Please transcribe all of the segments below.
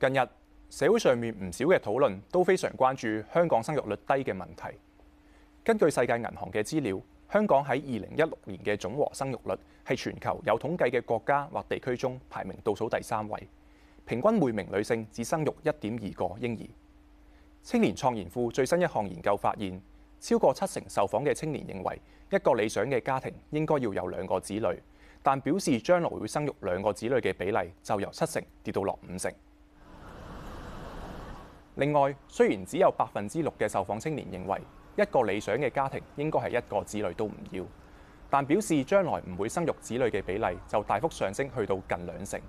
近日社會上面唔少嘅討論都非常關注香港生育率低嘅問題。根據世界銀行嘅資料，香港喺二零一六年嘅總和生育率係全球有統計嘅國家或地區中排名倒數第三位，平均每名女性只生育一點二個嬰兒。青年創研庫最新一項研究發現，超過七成受訪嘅青年認為一個理想嘅家庭應該要有兩個子女，但表示將來會生育兩個子女嘅比例就由七成跌到落五成。另外，雖然只有百分之六嘅受訪青年認為一個理想嘅家庭應該係一個子女都唔要，但表示將來唔會生育子女嘅比例就大幅上升，去到近兩成，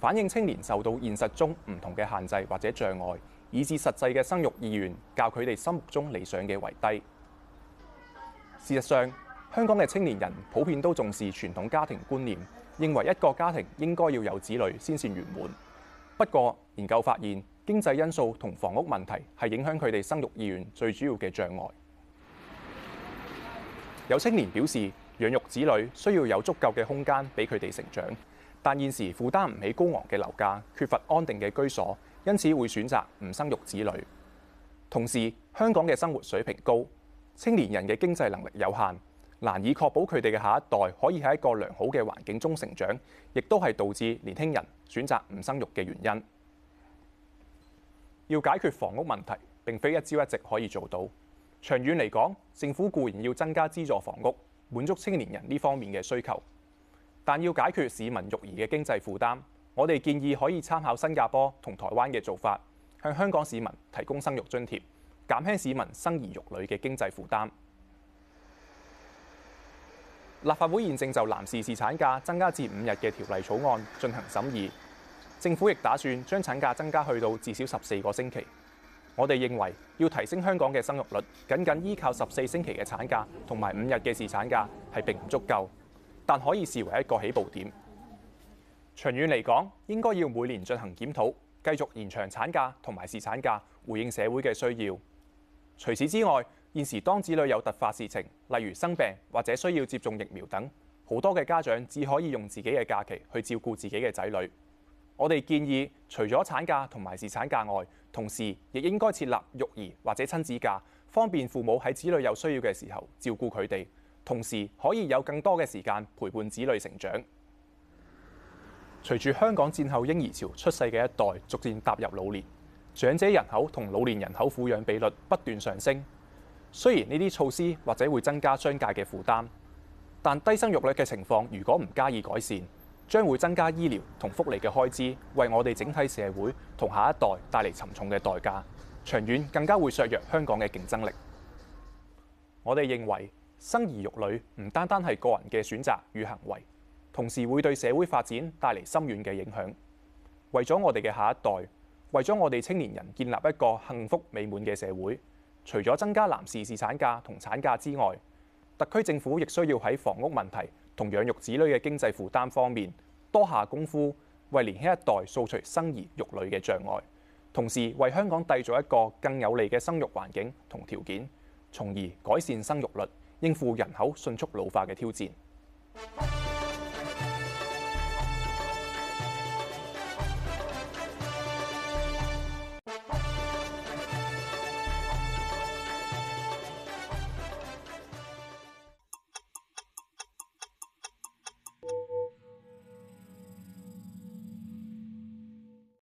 反映青年受到現實中唔同嘅限制或者障礙，以致實際嘅生育意願，較佢哋心目中理想嘅為低。事實上，香港嘅青年人普遍都重視傳統家庭觀念，認為一個家庭應該要有子女先算圓滿。不過，研究發現，經濟因素同房屋問題係影響佢哋生育意願最主要嘅障礙。有青年表示，養育子女需要有足夠嘅空間畀佢哋成長，但現時負擔唔起高昂嘅樓價，缺乏安定嘅居所，因此會選擇唔生育子女。同時，香港嘅生活水平高，青年人嘅經濟能力有限，難以確保佢哋嘅下一代可以喺一個良好嘅環境中成長，亦都係導致年輕人選擇唔生育嘅原因。要解決房屋問題，並非一朝一夕可以做到。長遠嚟講，政府固然要增加資助房屋，滿足青年人呢方面嘅需求，但要解決市民育兒嘅經濟負擔，我哋建議可以參考新加坡同台灣嘅做法，向香港市民提供生育津貼，減輕市民生兒育女嘅經濟負擔。立法會現正就男士侍產假增加至五日嘅條例草案進行審議。政府亦打算將產假增加去到至少十四個星期。我哋認為要提升香港嘅生育率，僅僅依靠十四星期嘅產假同埋五日嘅侍產假係並唔足夠，但可以視為一個起步點。長遠嚟講，應該要每年進行檢討，繼續延長產假同埋侍產假，回應社會嘅需要。除此之外，現時當子女有突發事情，例如生病或者需要接種疫苗等，好多嘅家長只可以用自己嘅假期去照顧自己嘅仔女。我哋建議，除咗產假同埋侍產假外，同時亦應該設立育兒或者親子假，方便父母喺子女有需要嘅時候照顧佢哋，同時可以有更多嘅時間陪伴子女成長。隨住香港戰後嬰兒潮出世嘅一代逐漸踏入老年，長者人口同老年人口撫養比率不斷上升。雖然呢啲措施或者會增加商界嘅負擔，但低生育率嘅情況如果唔加以改善，將會增加醫療同福利嘅開支，為我哋整體社會同下一代帶嚟沉重嘅代價，長遠更加會削弱香港嘅競爭力。我哋認為生兒育女唔單單係個人嘅選擇與行為，同時會對社會發展帶嚟深遠嘅影響。為咗我哋嘅下一代，為咗我哋青年人建立一個幸福美滿嘅社會，除咗增加男士侍產假同產假之外，特區政府亦需要喺房屋問題，同養育子女嘅經濟負擔方面多下功夫，為年輕一代掃除生兒育女嘅障礙，同時為香港締造一個更有利嘅生育環境同條件，從而改善生育率，應付人口迅速老化嘅挑戰。